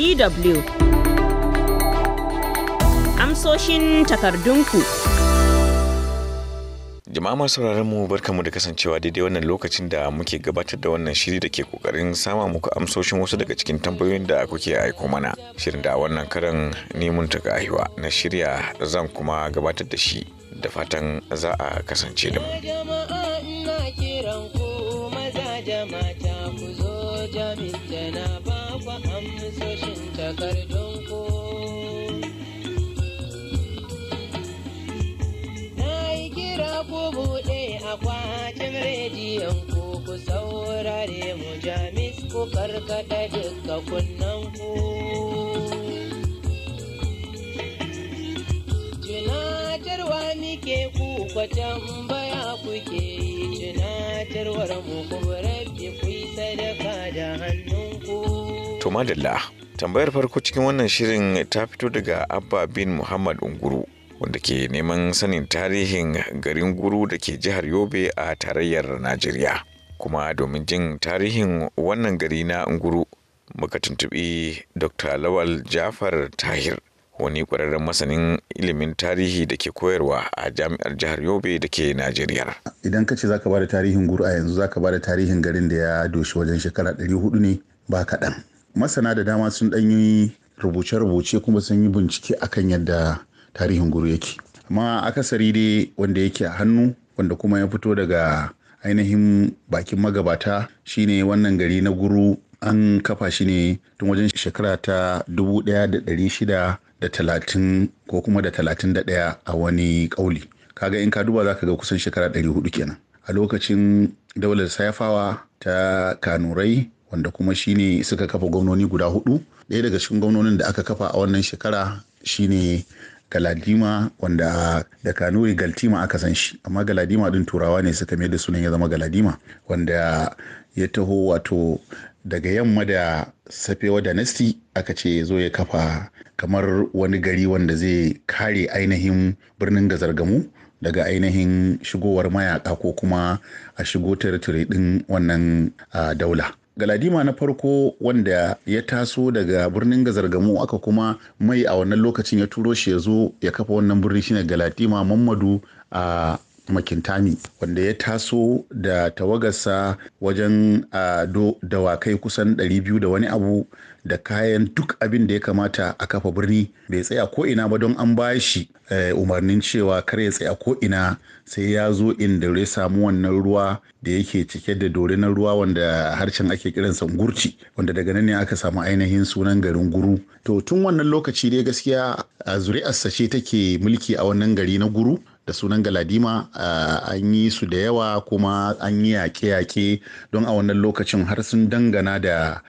DW. Amsoshin takardunku. Jama'a masu mu barkamu da kasancewa daidai wannan lokacin da muke gabatar da wannan shiri da ke kokarin sama muku amsoshin wasu daga cikin tambayoyin da kuke aiko mana. Shirin da wannan karan nemun ta gahiwa na shirya zan kuma gabatar da shi da fatan za a kasance da mu. Jama'a kiran ku maza jama'a ta takardunku na yi kira ku buɗe akwatin rediyon ku ku saurare mu jamis ku karkata duka kunnen ku muke ku kwatan baya kuke yi tunatarwar mu kuma rabbi ku sadaka da hannunku. To madalla tambayar farko cikin wannan shirin ta fito daga abba bin muhammad unguru wanda ke neman sanin tarihin garin guru da ke jihar yobe a tarayyar najeriya kuma domin jin tarihin wannan gari na unguru muka tuntubi dr lawal jafar tahir wani kwararren masanin ilimin tarihi da ke koyarwa a jami'ar jihar yobe da ke najeriya idan ka ce za ka ba da tarihin guru a yanzu za ka ba da tarihin garin da ya doshi wajen shekara 400 ne ba kaɗan masana da dama sun ɗan yi rubuce-rubuce kuma sun yi bincike kan yadda tarihin guru yake amma akasari dai wanda yake a hannu wanda kuma ya fito daga ainihin bakin magabata shine wannan gari na guru an kafa shi ne tun wajen shekara ta 1630 ko kuma da 31 a wani ƙauli kaga in ka duba zaka ga kusan shekara 400 kenan a lokacin daular sayafawa ta kanurai wanda kuma shine suka kafa gwamnoni guda hudu ɗaya daga cikin gwamnonin da aka kafa a wannan shekara shine galadima wanda da kanuri galtima aka san shi amma galadima din turawa ne suka mai da sunan ya zama galadima wanda ya taho wato daga yamma da safewa da nasti aka ce zo ya kafa kamar wani gari wanda zai kare ainihin birnin gazargamu daga ainihin shigowar mayaka ko kuma a shigo tere din wannan ah, daula galadima na farko wanda ya taso daga birnin gazargamu aka kuma mai a wannan lokacin ya turo shi ya zo ya kafa wannan birni shine galadima mamadu a makintami wanda ya taso da tawagarsa wajen dawakai kusan 200 da wani abu da kayan duk abin da ya kamata a kafa birni bai tsaya ko'ina ba don an ba shi e, umarnin cewa kar ya tsaya ko'ina sai ya zo inda ya samu wannan ruwa da yake cike da dore na ruwa wanda harshen ake kiransa gurci wanda daga nan ne aka samu ainihin sunan garin guru to tun wannan lokaci dai gaskiya a zuri'arsa ce take mulki a wannan gari na guru da sunan galadima an yi su da yawa kuma an yi yaƙe-yaƙe don a wannan lokacin har sun dangana da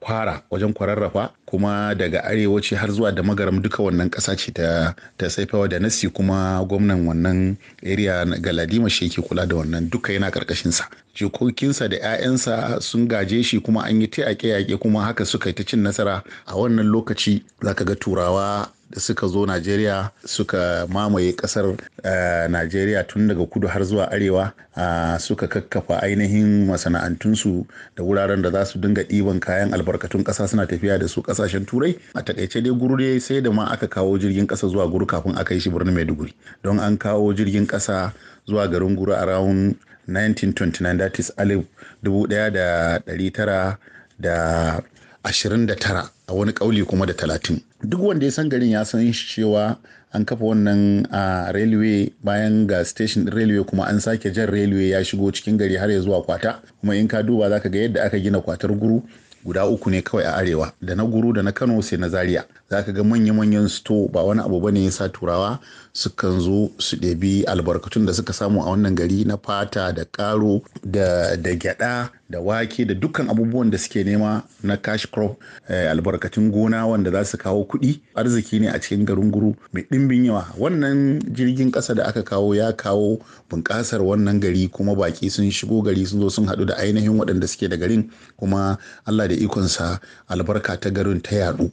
kwara wajen kwararrafa kuma daga arewaci har zuwa da magaram duka wannan kasa ce ta ta saifawa da nasi kuma gwamnan wannan area galadima shi yake kula da wannan duka yana sa jikokinsa da 'ya'yansa sun gaje shi kuma an yi ta yake yaƙe kuma haka suka yi ta cin nasara a wannan lokaci zaka ga turawa da suka zo Najeriya suka mamaye kasar uh, Najeriya tun daga kudu har zuwa arewa uh, suka kakkafa ainihin masana'antunsu da wuraren da za su dinga ɗiban ɗiban kayan albarkatun ƙasa suna tafiya da su ƙasashen turai a takaice dai guru dai sai da ma aka kawo jirgin kasa zuwa guru kafin a kai shi birnin maiduguri don an kawo jirgin kasa zuwa garin guru a rawun 1929 that is alif 1929 a wani kauli kuma da 30 duk wanda ya san garin ya san cewa an kafa wannan a railway bayan ga station din railway kuma an sake jan railway ya shigo cikin gari har ya zuwa kwata kuma in ka duba zaka ga yadda aka gina kwatar guru guda uku ne kawai a arewa da na guru da na kano sai na zaria za ka ga manya-manyan sto ba wani abu bane ya sa turawa sukan zo su ɗebi albarkatun da suka samu a wannan gari na fata da karo da gyada da wake da dukkan abubuwan da suke nema na cash crop eh, albarkatun gona wanda za su kawo kuɗi arziki ne a cikin garin guru mai ɗimbin yawa wannan jirgin ƙasa da aka kawo ya kawo bunƙasar wannan gari kuma baƙi sun shigo gari sun zo sun haɗu da ainihin waɗanda suke da garin kuma allah da ikonsa albarka ta garin ta yaɗu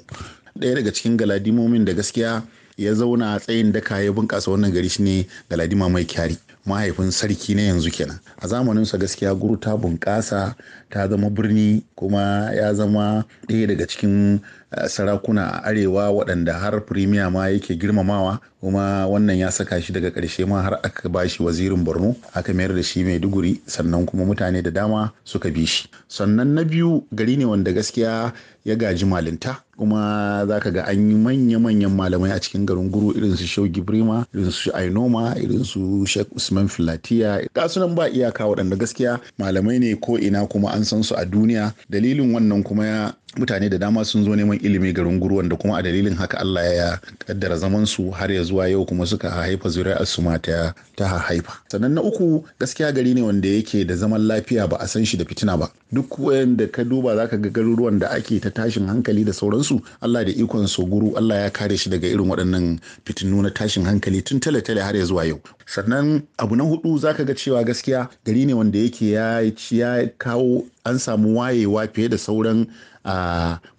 ɗaya daga cikin galadimomin da gaskiya ya zauna a tsayin daka ya bunƙasa wannan gari ne galadima mai kyari mahaifin sarki na yanzu kenan a zamaninsa gaskiya guru ta bunƙasa ta zama birni kuma ya zama ɗaya daga cikin eh, sarakuna a arewa waɗanda har firimiya ma yake girmamawa kuma wannan ya saka shi daga ƙarshe ma har aka ba shi wazirin borno aka mayar da shi mai duguri sannan kuma mutane da dama suka bi shi sannan na biyu gari ne wanda gaskiya ya gaji malinta kuma za ka ga an yi manya-manyan malamai a cikin garin guru irin su shogi brima irin su ainoma irin su sheikh usman filatiya ga sunan ba iyaka waɗanda gaskiya malamai ne ko ina kuma an san su a duniya dalilin wannan kuma ya. mutane da dama sun zo neman ilimi garin gurwan da kuma a dalilin haka Allah ya kaddara zaman su har ya zuwa yau kuma suka haifa zuri'ar su mata ta haifa sannan na uku gaskiya gari ne wanda yake da zaman lafiya ba a san shi da fitina ba duk wanda ka duba zaka ga garuruwan da ake ta tashin hankali da sauransu Allah da ikon so guru Allah ya kare shi daga irin waɗannan fitinu na tashin hankali tun tale-tale har ya zuwa yau sannan abu na hudu zaka ga cewa gaskiya gari ne wanda yake ya kawo an samu wayewa fiye da sauran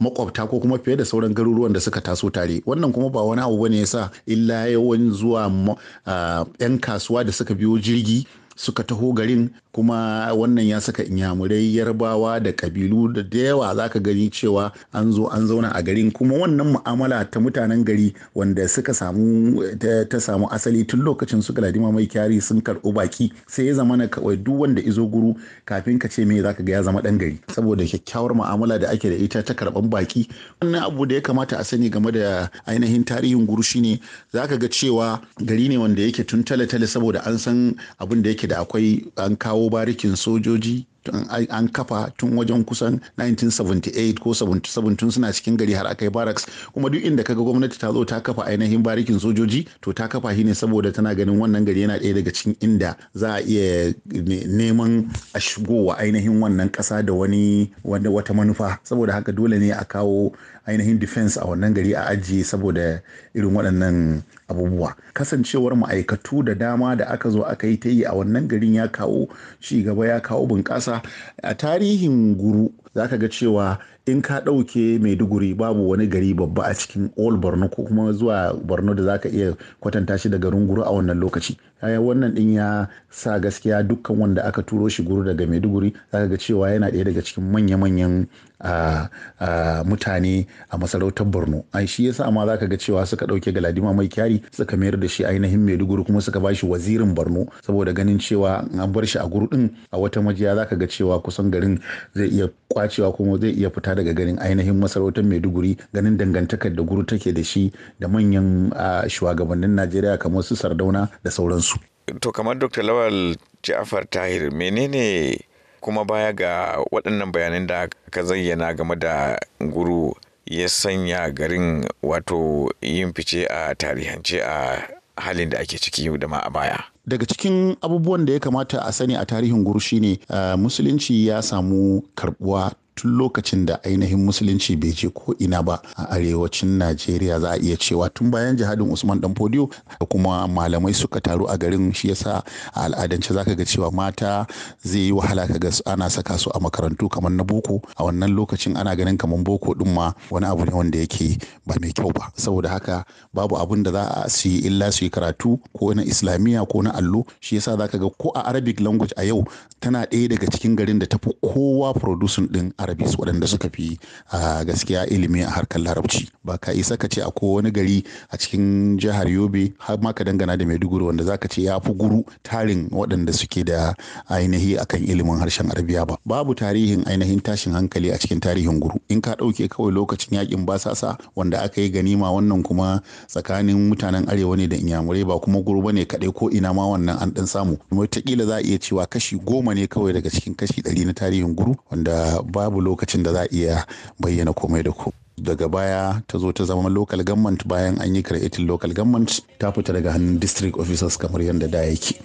makwabta ko kuma fiye da sauran garuruwan da suka taso tare wannan kuma ba wani abu ya sa illa yawan zuwa 'yan kasuwa da suka biyo jirgi suka taho garin kuma wannan ya saka inyamurai yarbawa da kabilu da da yawa za ka gani cewa an zo an zauna a garin kuma wannan mu'amala ta mutanen gari wanda suka samu ta, samu asali tun lokacin suka galadima mai kyari sun karɓi baki sai ya zama na kawai duk wanda izo guru kafin ka ce me za ka ga ya zama ɗan gari saboda kyakkyawar mu'amala da ake da ita ta karɓan baki wannan abu da ya kamata a sani game da ainihin tarihin guru shine za ka ga cewa gari ne wanda yake tun tale-tale saboda an san abin da yake da akwai an kawo barikin sojoji an kafa tun wajen kusan 1978 ko 77 suna cikin gari har aka yi barracks kuma duk inda kaga gwamnati ta zo ta kafa ainihin barikin sojoji to ta kafa shi ne saboda tana ganin wannan gari yana ɗaya daga cikin inda za a iya neman a shigowa ainihin wannan ƙasa da wani wata manufa saboda haka dole ne a kawo ainihin defense a wannan gari a ajiye saboda irin waɗannan abubuwa kasancewar ma'aikatu da dama da aka zo aka yi ta yi a wannan garin ya kawo ci gaba ya kawo bunƙasa a tarihin guru za ka ga cewa in ka ɗauke maiduguri babu wani gari babba a cikin all borno ko kuma zuwa borno da za ka iya kwatanta shi da garin guru a wannan lokaci kaya wannan din ya sa gaskiya dukkan wanda aka turo shi guru daga maiduguri za ka ga cewa yana ɗaya daga cikin manya-manyan mutane a masarautar borno ai shi yasa ma za ka ga cewa suka ɗauke galadima mai kyari suka mayar da shi ainihin maiduguri kuma suka ba shi wazirin borno saboda ganin cewa an bar shi a guru ɗin a wata majiya za ka ga cewa kusan garin zai iya cewa kuma zai iya fita daga ganin ainihin masarautar maiduguri ganin dangantakar da guru take da shi da manyan shugabannin najeriya kamar su sardauna da sauransu to kamar dr lawal ja'afar tahir menene kuma baya ga waɗannan bayanan da ka zayyana game da guru ya sanya garin wato yin fice a tarihance a halin da ake ciki da ma a baya daga cikin abubuwan da ya kamata a sani a tarihin guru shine eh, musulunci ya samu karbuwa tun lokacin da ainihin musulunci bai je ko ina ba a arewacin najeriya za a iya cewa tun bayan jihadin usman dan Da kuma malamai suka taru a garin shi yasa a al'adance zaka ga cewa mata zai yi wahala ka ga ana saka su a makarantu kamar na boko a wannan lokacin ana ganin kamar boko din ma wani abu ne wanda yake ba mai kyau ba saboda haka babu abun da za a su yi illa su yi karatu ko na islamiyya ko na allo shi yasa zaka ga ko a arabic language a yau tana ɗaya daga cikin garin da tafi kowa producing din arabis waɗanda suka fi a gaskiya ilimi a harkar larabci ba ka isa ka ce a wani gari a cikin jihar yobe har ma ka dangana da maiduguri wanda za ka ce ya fi guru tarin waɗanda suke da ainihi akan ilimin harshen arabiya ba babu tarihin ainihin tashin hankali a cikin tarihin guru in ka ɗauke kawai lokacin yakin basasa wanda aka yi ganima wannan kuma tsakanin mutanen arewa ne da inyamurai ba kuma guru ne kaɗai ko ina ma wannan an ɗan samu wataƙila za a iya cewa kashi goma ne kawai daga cikin kashi ɗari na tarihin guru wanda babu babu lokacin da za a iya bayyana komai da ku daga baya ta zo ta zama local government bayan an yi creating local government ta fita daga hannun district officers kamar yadda da yake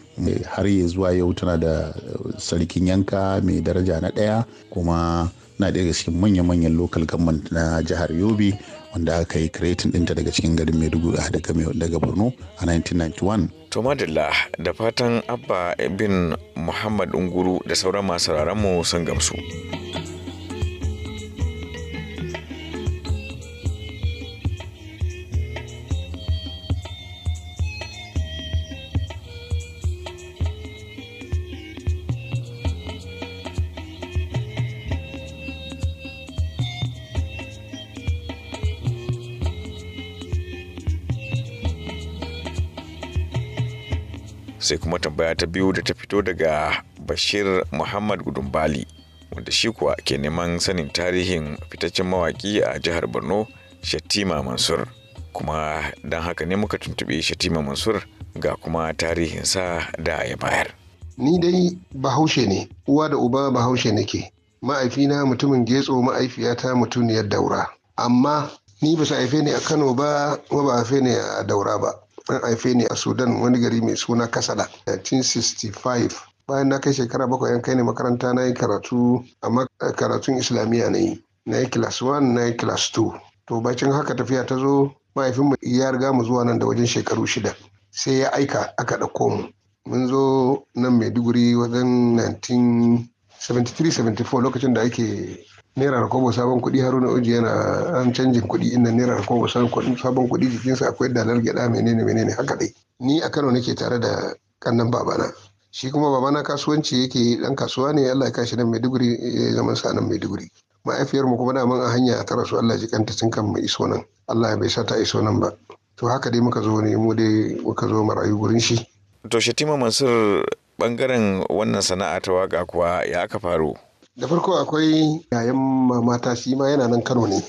har yi zuwa yau tana da uh, sarkin yanka mai daraja na ɗaya kuma na daya daga cikin manya-manyan local government na jihar yobe wanda aka yi creating dinta daga cikin garin maiduguri daga borno a 1991 to madalla da fatan abba bin muhammad unguru da sauran masu mu sun gamsu. sai kuma tambaya ta biyu da ta fito daga bashir muhammad gudumbali wanda shi kuwa ke neman sanin tarihin fitaccen mawaki a jihar borno shatima mansur kuma don haka ne muka tuntuɓi shatima mansur ga kuma tarihinsa da ya bayar ni dai bahaushe ne uwa da uba bahaushe ne nake ma'aifina mutumin getso ma'aifiyata mutuniyar daura amma ni ba su haife ne a kano ba kuma ba haife ne a daura ba an haife ni a sudan wani gari mai suna kasada 1965 bayan na kai shekara bakwai an kai ni makaranta na yi karatu amma karatun islamiyya na yi na yi class 1 na yi class 2 to bacin haka tafiya ta zo mahaifinmu ya riga mu zuwa nan da wajen shekaru shida sai ya aika aka ɗauko mu mun zo nan maiduguri wajen 1973-74 lokacin da ake naira da kobo sabon kuɗi haruna uji yana an canjin kuɗi inda naira da kobo sabon kuɗi jikinsa akwai dalar gyaɗa menene menene haka dai ni a kano nake tare da kannan babana shi kuma babana kasuwanci yake dan kasuwa ne Allah ya kashi nan Maiduguri ya zama sa nan Maiduguri mahaifiyar mu kuma daman a hanya ta rasu Allah ji kanta tun kan mai iso nan Allah bai sa ta iso nan ba to haka dai muka zo ne mu dai muka zo rayu gurin shi to Shatima Mansur bangaren wannan sana'a ta waka kuwa ya aka faru da farko akwai yayan mamata shi ma yana nan kano ne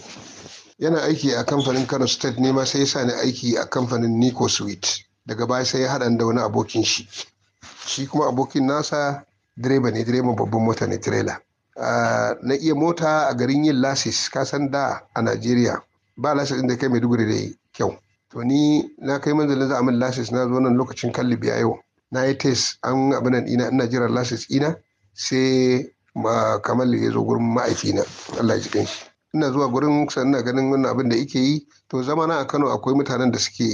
yana aiki a kamfanin kano state ne ma sai ya sa ni aiki a kamfanin nico sweet daga baya sai ya haɗa da wani abokin shi shi kuma abokin nasa direba ne direban babban mota ne trailer na iya mota a garin yin lasis kasan da a najeriya ba lasis da kai dubure da kyau to ni na kai manzalin za a min lasis na zo nan lokacin kalli a yau na yi test an abinan ina ina jiran lasis ina sai kamal ya zo gurin ma'aifina Allah ya ji shi ina zuwa gurin sannan ganin wannan abin da yake yi to zama zamana a Kano akwai mutanen da suke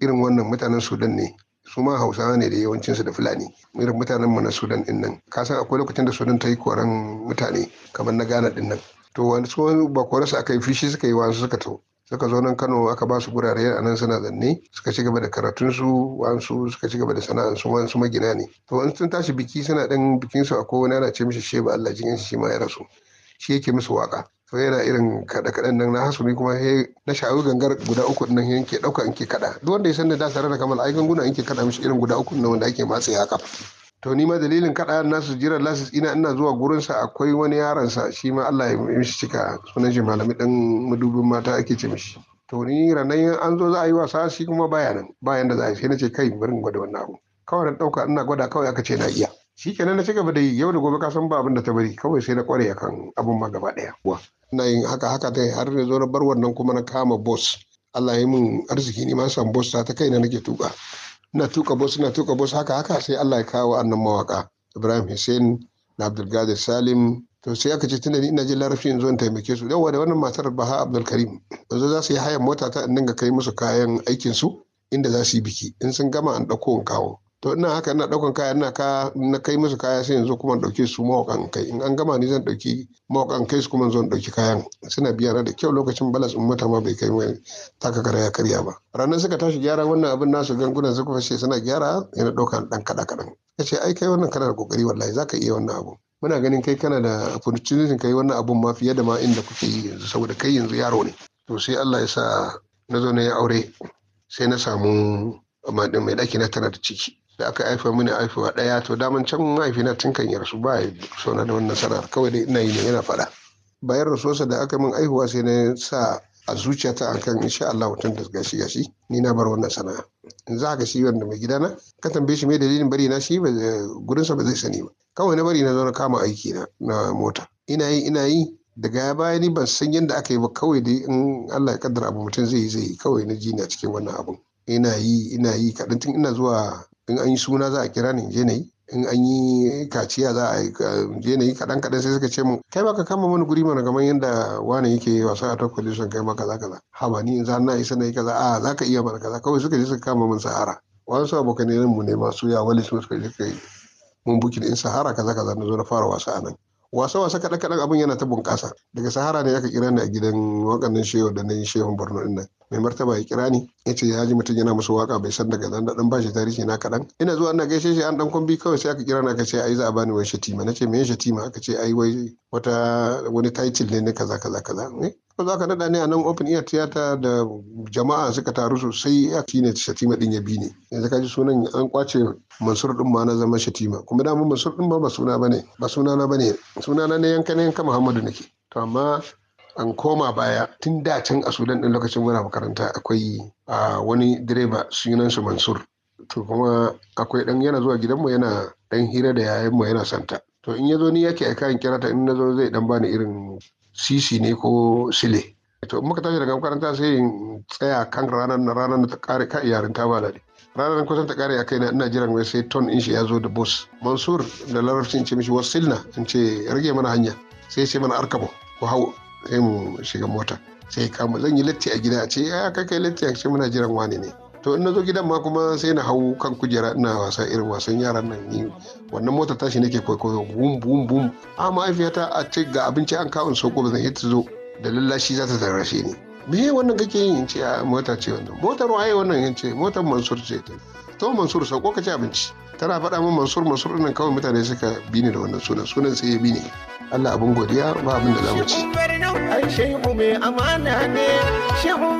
irin wannan mutanen Sudan ne su ma hausawa ne da yawancinsu da fulani irin mutanen mu na sudan din nan san akwai lokacin da sudan ta yi koran mutane kamar na ghana din nan to wani ba kore su aka yi fishi suka yi wasu suka to suka zo nan kano aka ba su gurare a nan suna zanne suka ci gaba da karatunsu wansu suka ci gaba da sana'ansu wansu magina ne to in sun tashi biki suna dan bikinsu a kowane ana ce mishi sheba allah jin shi ma ya rasu shi yake musu waka to yana irin kaɗe kaɗen nan na hasu ni kuma he na shawu gangar guda uku nan yanke ɗauka in ke kaɗa duk wanda ya san da da tare da kamal ai ganguna in ke kaɗa mishi irin guda uku nan wanda ake matsayi haka to ni ma dalilin kaɗa nasu jira lasis ina ina zuwa gurinsa akwai wani yaransa shi ma Allah ya mishi cika sunan shi malami dan madubin mata ake ce mishi to ni ranan an zo za a yi wasa shi kuma baya nan bayan da za a yi sai na ce kai bari gwada wannan abu kawai na ɗauka ina gwada kawai aka ce na iya shi kenan na cigaba da yi yau da gobe ka san ba abin da ta bari kawai sai na kware akan abin ma gaba ina yin haka haka ta har na zo na bar wannan kuma na kama boss Allah ya yi min arziki ni ma san boss ta kai na nake tuka na tuka bus na tuka bus haka haka sai Allah ya kawo annan mawaka Ibrahim Hussein na Abdulgadir Salim to sai aka ce tunda ni ina jin larabci in zo in taimake su yawa da wannan matar Baha Abdul Karim yanzu za su yi hayan mota ta in dinga kai musu kayan aikin su inda za su yi biki in sun gama an ɗauko in kawo to ina haka ina daukan kaya ina ka na kai musu kaya sai yanzu kuma dauke su mawakan kai in an gama ni zan dauki mawakan kai su kuma zan dauki kayan suna biya na da kyau lokacin balas in mata ma bai kai mai taka kara ya karya ba ranar suka tashi gyara wannan abin nasu gangunan suka fashe suna gyara yana daukan dan kada kadan kace ai kai wannan kana da kokari wallahi zaka iya wannan abu muna ganin kai kana da opportunity kai wannan abun ma fiye da ma inda kuke yi yanzu saboda kai yanzu yaro ne to sai Allah ya sa na zo na ya aure sai na samu mai ɗaki na tana da ciki da aka haifa mini haifuwa daya to daman can mahaifina tun kan yarsu ba ya sona da wannan sana'ar kawai dai ina yi ne yana faɗa bayan rasuwarsa da aka min haihuwa sai na sa a zuciyata kan insha Allah mutum da gashi gashi ni na bar wannan sana'a in za ka shi wanda mai gidana ka tambaye shi me dalilin bari na shi gurinsa ba zai sani ba kawai na bari na zo na kama aiki na na mota ina yi ina yi daga ya baya ni ban san yadda aka yi ba kawai dai in Allah ya kaddara abu mutum zai yi zai yi kawai na ji na cikin wannan abun ina yi ina yi kaɗan tun ina zuwa in an yi suna za a kira ni je na yi in an yi kaciya za a je na yi kaɗan kaɗan sai suka ce mu kai baka kama mana guri mana kamar yadda wani yake wasa a tokyo condition kai ma kaza kaza haba ni in za na isa na kaza a za ka iya mana kaza kawai suka je suka kama min sahara wasu abokan mu ne masu ya wali suka je suka yi mun bukin in sahara kaza kaza na zo na fara wasa a nan wasa-wasa kaɗan-kaɗan abin yana ta bunƙasa daga sahara ne aka kira ni a gidan waƙannin shehu da na yi shehun borno ɗin nan mai martaba ya kira ni ya ce ya ji mutum yana musu waka bai san daga zan daɗin bashi tarihi na kaɗan ina zuwa na gaishe shi an dan kwambi kawai sai aka kira ni aka ce a ai za a bani wai shatima na ce me shatima aka ce ai wai wata wani taitil ne na kaza kaza kaza eh, ko za ka daɗa ne a nan open air theater da jama'a suka taru sosai a shi ne shatima ɗin ya bi ne yanzu ka ji sunan an kwace mansur ɗin ma na zama shatima kuma mun mansur ɗin ma ba suna ba ne ba suna na ba ne suna na yanka ne, yanka muhammadu nake to amma an koma baya tun da can a sudan ɗin lokacin muna makaranta akwai wani direba sunan su mansur to kuma akwai ɗan yana zuwa gidanmu yana dan hira da mu yana santa to in ya zo ni yake aika in kira ta in na zai dan bani irin sisi ne ko sile to in muka tashi daga makaranta sai in tsaya kan ranar na ranar ta kare ka yarin ta balade ranar kusan ta kare a kaina ina jiran wai sai ton in shi ya zo da bus mansur da larabci in ce mishi wasilna in ce rage mana hanya sai ce mana arkabo ko hau sai mu shiga mota sai kama zan yi latti a gida a ce ya kai kai latti a ce muna jiran wani ne to in na zo gidan ma kuma sai na hau kan kujera ina wasa irin wasan yaran nan ni wannan motar tashi nake kwaikwayo bum bum bum a mahaifiyata a ce ga abinci an kawo sauko ba zan iya ta zo da lallashi za ta tarashe ni me wannan kake yin in ce a mota ce wannan motar waye wannan in ce motar mansur ce ta to mansur sauko ka ci abinci tana faɗa min mansur mansur ɗin kawai mutane suka bi ni da wannan sunan sunan sai ya bi ni Allah abin godiya ba abin da za mu ci. shehu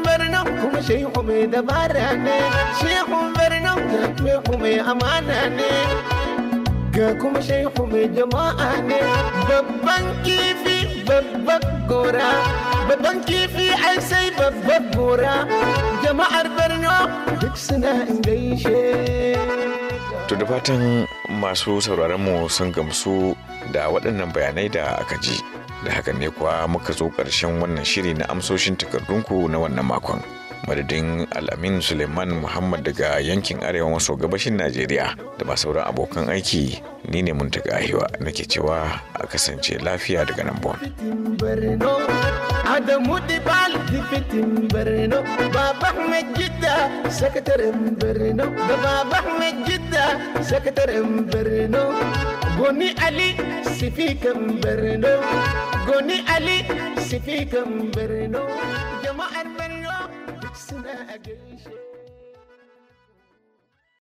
shehu mai dabara ne shehu birnin ga shehu mai amana ne ga kuma shehu mai jama'a ne babban kifi babban gora babban kifi ai sai babban gora jama'ar birni duk suna in gaishe to da fatan masu mu sun gamsu da waɗannan bayanai da aka ji da haka ne kuwa muka zo ƙarshen wannan shiri na amsoshin takardunku na wannan makon madadin al'amin suleiman muhammad daga yankin arewa maso gabashin najeriya da ba sauran abokan aiki ni ne muntaka ahiwa nake cewa a kasance lafiya daga nan bon Adamu Dibal Difitin Barno Baba Ahmed Jidda da Baba Ahmed Jidda Goni Ali Sifikan Barno Goni Ali Sifikan Barno again, shit.